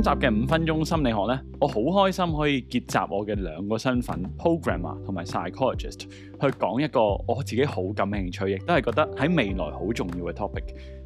今集嘅五分鐘心理學呢，我好開心可以結集我嘅兩個身份 programmer 同埋 psychologist 去講一個我自己好感興趣，亦都係覺得喺未來好重要嘅 topic，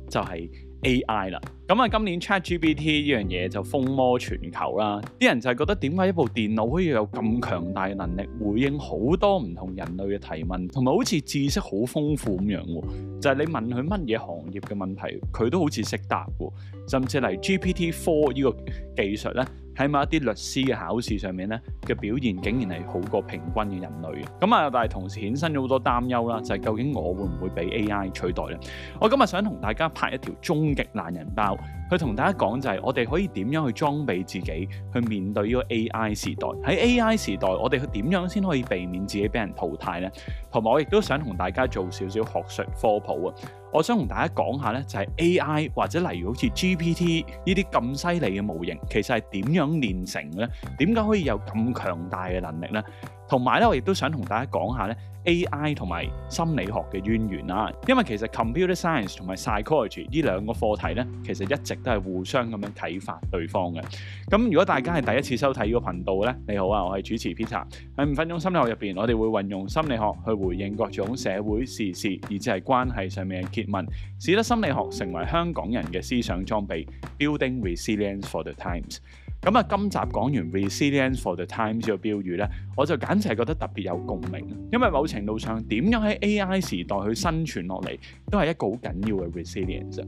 就係、是。A.I. 啦，咁、嗯、啊今年 ChatGPT 呢樣嘢就風靡全球啦，啲人就係覺得點解一部電腦可以有咁強大嘅能力，回應好多唔同人類嘅提問，同埋好似知識好豐富咁樣喎，就係、是、你問佢乜嘢行業嘅問題，佢都好似識答喎，甚至嚟 GPT Four 呢個技術咧。喺某一啲律師嘅考試上面呢嘅表現，竟然係好過平均嘅人類嘅。咁啊，但係同時衍生咗好多擔憂啦，就係究竟我會唔會被 AI 取代咧？我今日想同大家拍一條終極懶人包。佢同大家講就係我哋可以點樣去裝備自己去面對呢個 AI 時代？喺 AI 時代，我哋點樣先可以避免自己俾人淘汰呢？同埋我亦都想同大家做少少學術科普啊！我想同大家講下呢，就係 AI 或者例如好似 GPT 呢啲咁犀利嘅模型，其實係點樣煉成呢？咧？點解可以有咁強大嘅能力呢？同埋咧，我亦都想同大家講下咧，AI 同埋心理學嘅淵源啦。因為其實 computer science 同埋 psychology 呢兩個課題咧，其實一直都係互相咁樣啟發對方嘅。咁如果大家係第一次收睇呢個頻道咧，你好啊，我係主持 Peter。喺五分鐘心理學入邊，我哋會運用心理學去回應各種社會時事，以至係關係上面嘅揭問，使得心理學成為香港人嘅思想裝備，building resilience for the times。咁今集講完 resilience for the times 呢個標語呢，我就簡直係覺得特別有共鳴。因為某程度上，點樣喺 AI 時代去生存落嚟，都係一個好緊要嘅 resilience。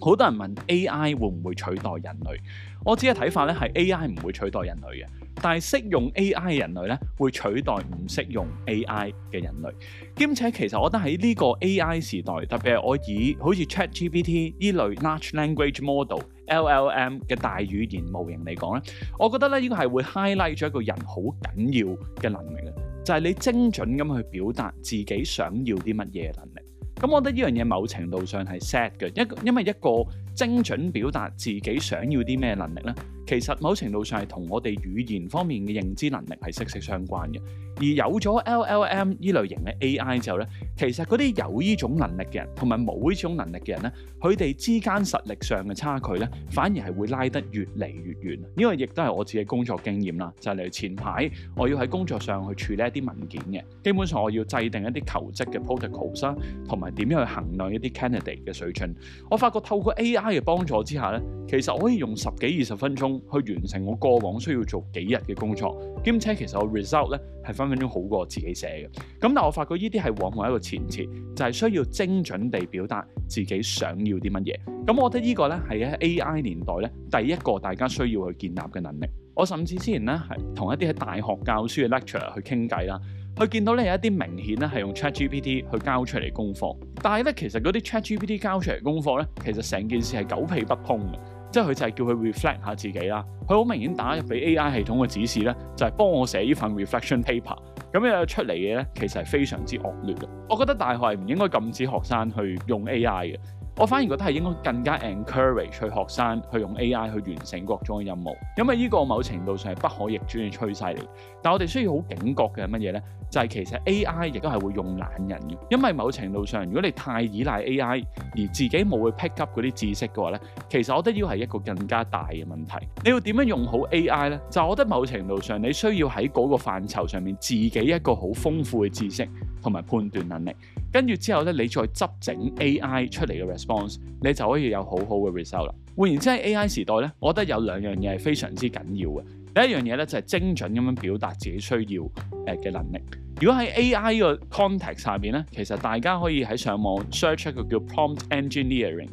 好多人問 AI 會唔會取代人類，我自己嘅睇法呢，係 AI 唔會取代人類嘅。但係識用 AI 人類咧，會取代唔識用 AI 嘅人類，兼且其實我覺得喺呢個 AI 時代，特別係我以好似 ChatGPT 呢類 Large Language Model（LLM） 嘅大語言模型嚟講咧，我覺得咧呢個係會 highlight 咗一個人好緊要嘅能力啊，就係你精準咁去表達自己想要啲乜嘢能力。咁我覺得呢樣嘢某程度上係 sad 嘅，因因為一個。精準表達自己想要啲咩能力咧，其實某程度上係同我哋語言方面嘅認知能力係息息相關嘅。而有咗 LLM 呢類型嘅 AI 之後咧，其實啲有呢種能力嘅人同埋冇呢種能力嘅人咧，佢哋之間實力上嘅差距咧，反而係會拉得越嚟越遠。呢個亦都係我自己工作經驗啦。就係例如前排我要喺工作上去處理一啲文件嘅，基本上我要制定一啲求職嘅 protocols 啊，同埋點樣去衡量一啲 candidate 嘅水準。我發覺透過 AI 嘅幫助之下咧，其實我可以用十幾二十分鐘去完成我過往需要做幾日嘅工作，兼且其實我 result 咧係分分鐘好過我自己寫嘅。咁但我發覺呢啲係往往一個前設，就係、是、需要精準地表達自己想要啲乜嘢。咁、嗯、我覺得呢個咧係喺 AI 年代咧，第一個大家需要去建立嘅能力。我甚至之前咧係同一啲喺大學教書嘅 lecturer 去傾偈啦。佢見到咧有一啲明顯咧係用 ChatGPT 去交出嚟功課，但係咧其實嗰啲 ChatGPT 交出嚟功課咧，其實成件事係狗屁不通嘅，即係佢就係叫佢 reflect 下自己啦。佢好明顯打入俾 AI 系統嘅指示咧，就係幫我寫呢份 reflection paper。咁樣出嚟嘅咧，其實係非常之惡劣嘅。我覺得大學係唔應該禁止學生去用 AI 嘅。我反而覺得係應該更加 encourage 去學生去用 AI 去完成各種嘅任務，因為呢個某程度上係不可逆轉嘅趨勢嚟。但我哋需要好警覺嘅係乜嘢呢？就係、是、其實 AI 亦都係會用懶人嘅，因為某程度上如果你太依賴 AI 而自己冇去 pick up 嗰啲知識嘅話呢，其實我覺得要係一個更加大嘅問題。你要點樣用好 AI 呢？就我覺得某程度上你需要喺嗰個範疇上面自己一個好豐富嘅知識同埋判斷能力。跟住之後咧，你再執整 AI 出嚟嘅 response，你就可以有好好嘅 result 啦。換言之，喺 AI 時代咧，我覺得有兩樣嘢係非常之緊要嘅。第一樣嘢咧就係精準咁樣表達自己需要誒嘅能力。如果喺 AI 個 context 下邊咧，其實大家可以喺上網 search 一個叫 prompt engineering。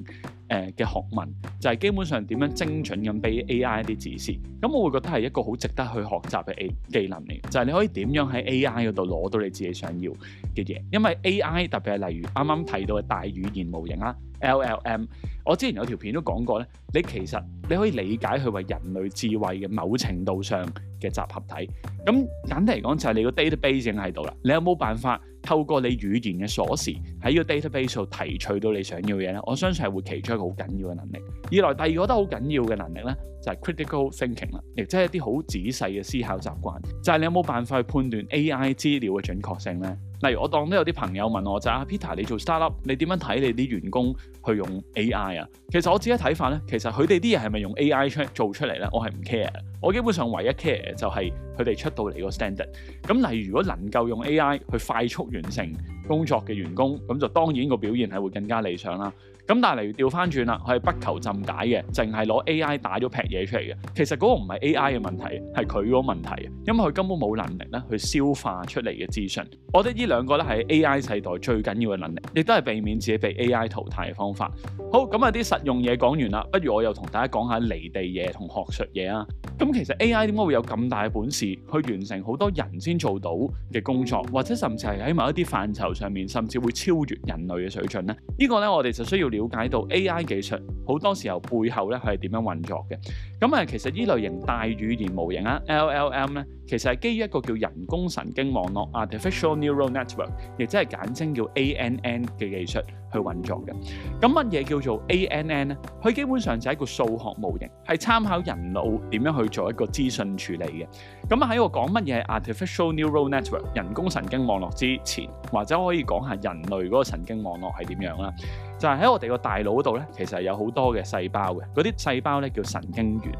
誒嘅、呃、學問就係、是、基本上點樣精準咁俾 AI 啲指示，咁我會覺得係一個好值得去學習嘅技能嚟，就係、是、你可以點樣喺 AI 嗰度攞到你自己想要嘅嘢，因為 AI 特別係例如啱啱提到嘅大語言模型啦。LLM，我之前有條片都講過咧，你其實你可以理解佢為人類智慧嘅某程度上嘅集合體。咁簡單嚟講就係你個 database 已經喺度啦，你有冇辦法透過你語言嘅鎖匙喺呢個 database 度提取到你想要嘅嘢咧？我相信係會其中一個好緊要嘅能力。二來，第二個得好緊要嘅能力咧，就係 critical thinking 啦，亦即係一啲好仔細嘅思考習慣，就係你有冇辦法去判斷 AI 資料嘅準確性咧？例如我當都有啲朋友問我就阿、是、p e t e r 你做 startup 你點樣睇你啲員工去用 AI 啊？其實我自己睇法咧，其實佢哋啲嘢係咪用 AI 出做出嚟咧，我係唔 care 我基本上唯一 care 就係佢哋出到嚟個 standard。咁例如如果能夠用 AI 去快速完成工作嘅員工，咁就當然個表現係會更加理想啦。咁但係你要調返轉啦，佢係不求甚解嘅，淨係攞 A I 打咗劈嘢出嚟嘅。其實嗰個唔係 A I 嘅問題，係佢嗰個問題，因為佢根本冇能力去消化出嚟嘅資訊。我覺得呢兩個咧係 A I 世代最緊要嘅能力，亦都係避免自己被 A I 淘汰嘅方法。好，咁啊啲實用嘢講完啦，不如我又同大家講下離地嘢同學術嘢啊。咁其實 A.I. 點解會有咁大嘅本事去完成好多人先做到嘅工作，或者甚至係喺某一啲範疇上面，甚至會超越人類嘅水準呢？這個、呢個呢，我哋就需要了解到 A.I. 技術好多時候背後呢，佢係點樣運作嘅。咁、嗯、其實呢類型大語言模型啊 （L.L.M.） 呢，其實係基於一個叫人工神經網絡 （Artificial Neural Network），亦即係簡稱叫 A.N.N. 嘅技術。去運作嘅，咁乜嘢叫做 ANN 咧？佢基本上就係一個數學模型，係參考人腦點樣去做一個資訊處理嘅。咁喺我講乜嘢係 Artificial Neural Network 人工神經網絡之前，或者可以講下人類嗰個神經網絡係點樣啦。就係喺我哋個大腦度咧，其實有好多嘅細胞嘅，嗰啲細胞咧叫神經元。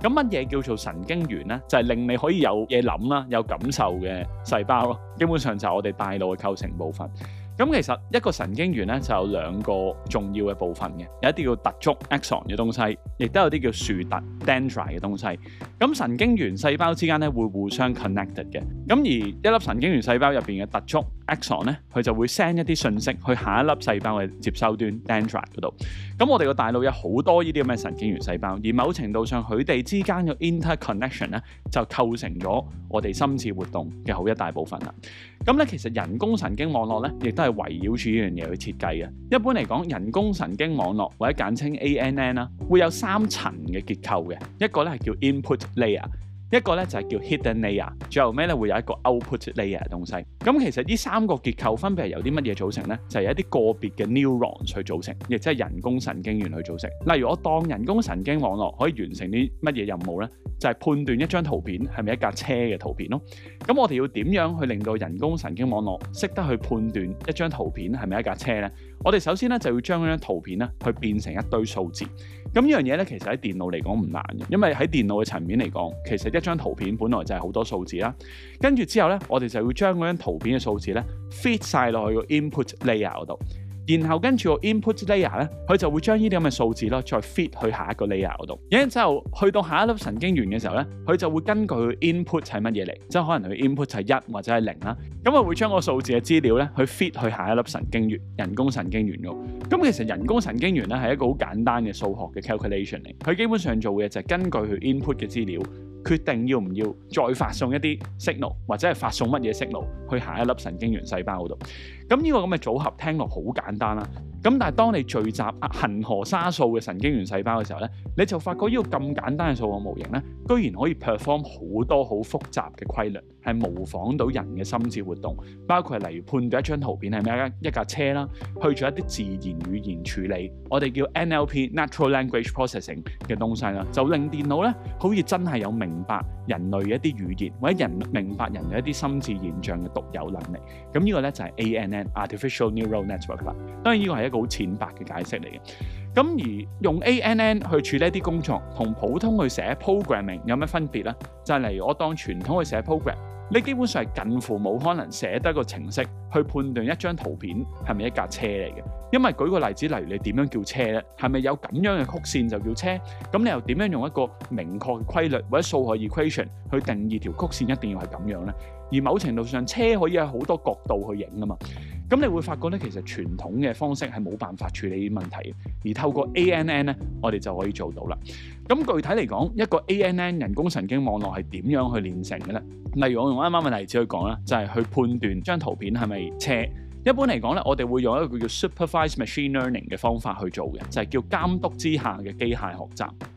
咁乜嘢叫做神經元咧？就係令你可以有嘢諗啦，有感受嘅細胞咯。基本上就係我哋大腦嘅構成部分。咁其實一個神經元呢就有兩個重要嘅部分嘅，有一啲叫突觸 axon 嘅東西，亦都有啲叫樹突 dendrite 嘅東西。咁神經元細胞之間呢，會互相 connected 嘅。咁而一粒神經元細胞入面嘅突觸，axon 咧，佢就會 send 一啲信息去下一粒細胞嘅接收端 dendrite 嗰度。咁我哋個大腦有好多呢啲咁嘅神經元細胞，而某程度上佢哋之間嘅 interconnection 咧，就構成咗我哋心智活動嘅好一大部分啦。咁咧，其實人工神經網絡咧，亦都係圍繞住呢樣嘢去設計嘅。一般嚟講，人工神經網絡或者簡稱 ANN 啦，會有三層嘅結構嘅，一個咧係叫 input layer。一個呢就係叫 hidden layer，最後尾呢會有一個 output layer 嘅東西。咁其實呢三個結構分別係由啲乜嘢組成呢？就係一啲個別嘅 neuron 去組成，亦即係人工神經元去組成。例如我當人工神經網絡可以完成啲乜嘢任務呢？就係判斷一張圖片係咪一架車嘅圖片咯。咁我哋要點樣去令到人工神經網絡識得去判斷一張圖片係咪一架車呢？我哋首先咧就要將嗰張圖片咧，去變成一堆數字。咁呢樣嘢咧，其實喺電腦嚟講唔難嘅，因為喺電腦嘅層面嚟講，其實一張圖片本來就係好多數字啦。跟住之後咧，我哋就要將嗰張圖片嘅數字咧，fit 晒落去個 input layer 嗰度。然後跟住個 input layer 咧，佢就會將呢啲咁嘅數字咯，再 feed 去下一個 layer 嗰度。然後去到下一粒神經元嘅時候咧，佢就會根據佢 input 係乜嘢嚟，即係可能佢 input 係一或者係零啦，咁佢會將個數字嘅資料咧去 feed 去下一粒神經元，人工神經元噶。咁其實人工神經元咧係一個好簡單嘅數學嘅 calculation 嚟，佢基本上做嘅就係根據佢 input 嘅資料。決定要唔要再發送一啲 signal，或者係發送乜嘢 signal 去下一粒神經元細胞嗰度。咁呢個咁嘅組合聽落好簡單啦。咁但係當你聚集恒河沙數嘅神經元細胞嘅時候咧，你就發覺呢個咁簡單嘅數學模型咧，居然可以 perform 好多好複雜嘅規律，係模仿到人嘅心智活動，包括係例如判斷一張圖片係咩一架車啦，去做一啲自然語言處理，我哋叫 NLP（natural language processing） 嘅東西啦，就令電腦咧，好似真係有明白人類一啲語言或者人明白人嘅一啲心智現象嘅獨有能力。咁呢個咧就係、是、ANN（artificial neural network） 啦。當然呢個係一好淺白嘅解釋嚟嘅，咁而用 ANN 去處理一啲工作，同普通去寫 programming 有乜分別呢？就係、是、例如我當傳統去寫 programming, 你基本上係近乎冇可能寫得一個程式去判斷一張圖片係咪一架車嚟嘅。因為舉個例子，例如你點樣叫車咧，係咪有咁樣嘅曲線就叫車？咁你又點樣用一個明確嘅規律或者數學 equation 去定義條曲線一定要係咁樣呢？而某程度上，車可以喺好多角度去影噶嘛。咁你會發覺咧，其實傳統嘅方式係冇辦法處理啲問題嘅。而透過 ANN 咧，我哋就可以做到啦。咁具體嚟講，一個 A 一般嚟講咧，我哋會用一個叫 Supervised Machine Learning 嘅方法去做嘅，就係叫監督之下嘅機械學習。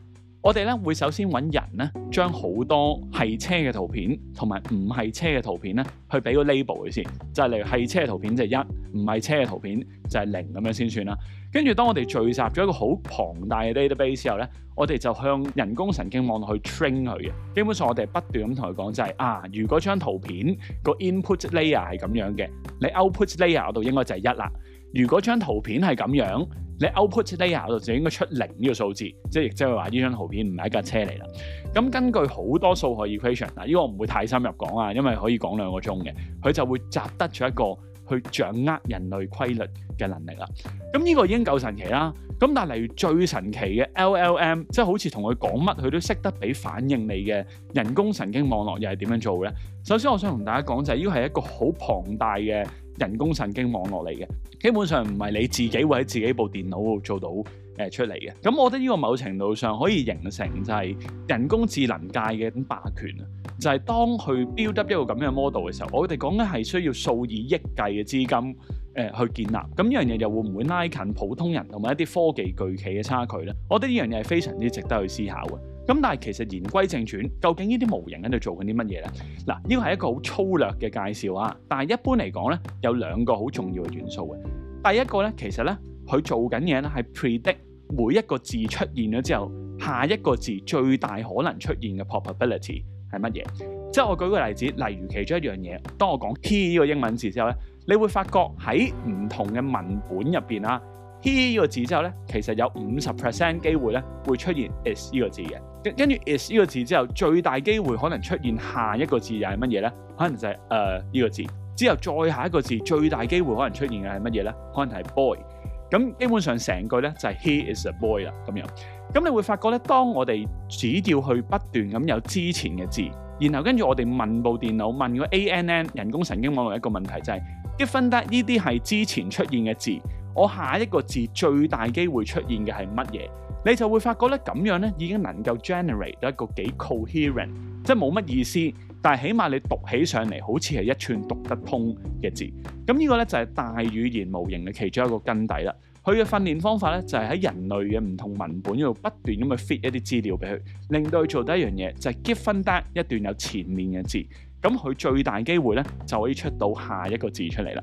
我哋咧會首先揾人咧，將好多係車嘅圖片同埋唔係車嘅圖片咧，去俾個 label 佢先，就係例如係車嘅圖片就係一，唔係車嘅圖片就係零咁樣先算啦。跟住當我哋聚集咗一個好龐大嘅 database 之後咧，我哋就向人工神經網絡去 train 佢嘅。基本上我哋不斷咁同佢講就係啊，如果張圖片個 input layer 係咁樣嘅，你 output layer 嗰度應該就係一啦。如果張圖片係咁樣，你 output layer 度就應該出零呢個數字，即係亦即係話呢張圖片唔係一架車嚟啦。咁根據好多數學 equation 嗱，呢個我唔會太深入講啊，因為可以講兩個鐘嘅，佢就會習得咗一個去掌握人類規律嘅能力啦。咁呢個已經夠神奇啦。咁但係例如最神奇嘅 LLM，即係好似同佢講乜，佢都識得俾反應你嘅人工神經網絡，又係點樣做咧？首先，我想同大家講就係呢個係一個好龐大嘅。人工神經網絡嚟嘅，基本上唔係你自己會喺自己部電腦度做到誒、呃、出嚟嘅。咁我覺得呢個某程度上可以形成就係人工智能界嘅一種霸權啊！就係、是、當佢 build 一個咁樣 model 嘅時候，我哋講緊係需要數以億計嘅資金誒、呃、去建立。咁呢樣嘢又會唔會拉近普通人同埋一啲科技巨企嘅差距咧？我覺得呢樣嘢係非常之值得去思考嘅。咁但係其實言歸正傳，究竟呢啲模型喺度做緊啲乜嘢呢？嗱，呢個係一個好粗略嘅介紹啊。但係一般嚟講呢，有兩個好重要嘅元素嘅。第一個呢，其實呢，佢做緊嘢呢係 predict 每一個字出現咗之後，下一個字最大可能出現嘅 probability 係乜嘢？即係我舉個例子，例如其中一樣嘢，當我講 T 呢個英文字之後呢，你會發覺喺唔同嘅文本入邊啊。He 呢個字之後咧，其實有五十 percent 機會咧會出現 is 呢個字嘅。跟住 is 呢個字之後，最大機會可能出現下一個字又係乜嘢咧？可能就係誒呢個字。之後再下一個字，最大機會可能出現嘅係乜嘢咧？可能係 boy。咁基本上成句咧就係、是、he is a boy 啦，咁樣。咁你會發覺咧，當我哋只要去不斷咁有之前嘅字，然後跟住我哋問部電腦問個 ANN 人工神經網絡一個問題就係、是，一分得呢啲係之前出現嘅字。我下一個字最大機會出現嘅係乜嘢？你就會發覺咧，咁樣咧已經能夠 generate 到一個幾 coherent，即係冇乜意思，但係起碼你讀起上嚟好似係一串讀得通嘅字。咁呢個咧就係大語言模型嘅其中一個根底啦。佢嘅訓練方法咧就係喺人類嘅唔同文本嗰度不斷咁去 fit 一啲資料俾佢，令到佢做第一樣嘢就係 give 分段一段有前面嘅字，咁佢最大機會咧就可以出到下一個字出嚟啦。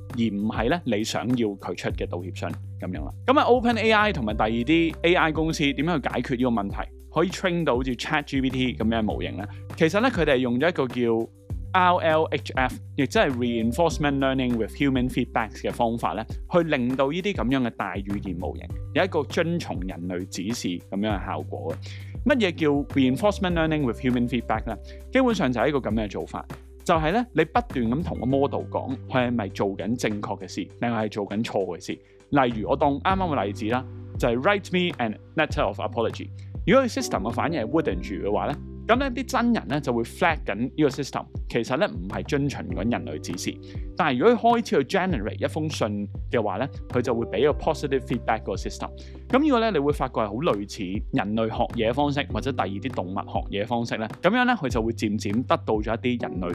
而唔係咧，你想要佢出嘅道歉信咁樣啦。咁啊，OpenAI 同埋第二啲 AI 公司點樣去解決呢個問題？可以 train 到好似 ChatGPT 咁樣模型咧。其實咧，佢哋係用咗一個叫 RLHF，亦即係 Reinforcement Learning with Human Feedback 嘅方法咧，去令到呢啲咁樣嘅大語言模型有一個遵從人類指示咁樣嘅效果嘅。乜嘢叫 Reinforcement Learning with Human Feedback 咧？基本上就係一個咁樣嘅做法。就係你不斷咁同個 model 講，佢係咪做緊正確嘅事，定係做緊錯嘅事？例如我當啱啱嘅例子啦，就係、是、write me a letter of apology。如果個 system 反應係 wouldn't you 嘅話咧？咁呢啲真人咧就會 flag 緊呢個 system，其實咧唔係遵循緊人類指示，但係如果佢開始去 generate 一封信嘅話咧，佢就會俾個 positive feedback 個 system。咁呢個咧你會發覺係好類似人類學嘢方式，或者第二啲動物學嘢方式咧。咁樣咧佢就會漸漸得到咗一啲人類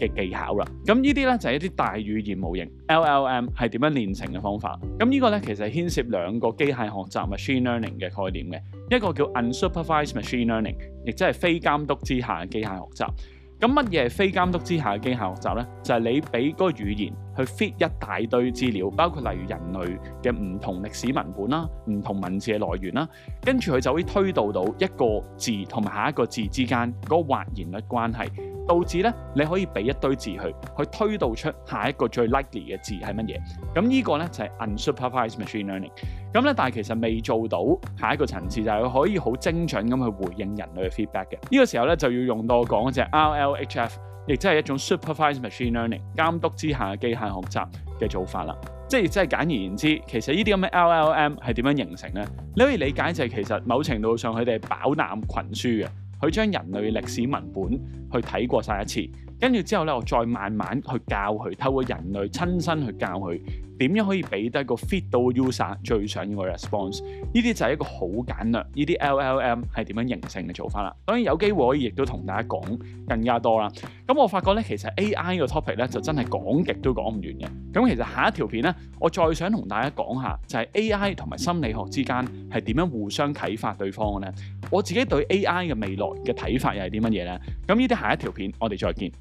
嘅技巧啦。咁呢啲咧就係一啲大語言模型 LLM 係點樣練成嘅方法。咁呢個咧其實牽涉兩個機械學習 machine learning 嘅概念嘅。一個叫 unsupervised machine learning，亦即係非監督之下嘅機械學習。咁乜嘢係非監督之下嘅機械學習咧？就係、是、你俾個語言去 fit 一大堆資料，包括例如人類嘅唔同歷史文本啦、唔同文字嘅來源啦，跟住佢就可以推導到一個字同埋下一個字之間嗰個或然率關係。導致咧，你可以俾一堆字去，去推導出下一個最 likely 嘅字係乜嘢。咁呢個咧就係、是、unsupervised machine learning。咁咧，但係其實未做到下一個層次，就係、是、可以好精準咁去回應人類嘅 feedback 嘅。呢、這個時候咧就要用到我講嗰隻 RLHF，亦即係一種 supervised machine learning 監督之下嘅機械學習嘅做法啦。即係即係簡而言之，其實呢啲咁嘅 LLM 係點樣 L L 形成咧？你可以理解就係其實某程度上佢哋係飽覽群書嘅。佢將人類歷史文本去睇過晒一次。跟住之後咧，我再慢慢去教佢，透過人類親身去教佢點樣可以俾得個 feed 到 user 最想要嘅 response。呢啲就係一個好簡略，呢啲 LLM 係點樣形成嘅做法啦。當然有機會可以亦都同大家講更加多啦。咁我發覺咧，其實 AI 嘅 topic 咧就真係講極都講唔完嘅。咁其實下一條片咧，我再想同大家講下，就係 AI 同埋心理學之間係點樣互相啟發對方嘅咧。我自己對 AI 嘅未來嘅睇法又係啲乜嘢咧？咁呢啲下一條片我哋再見。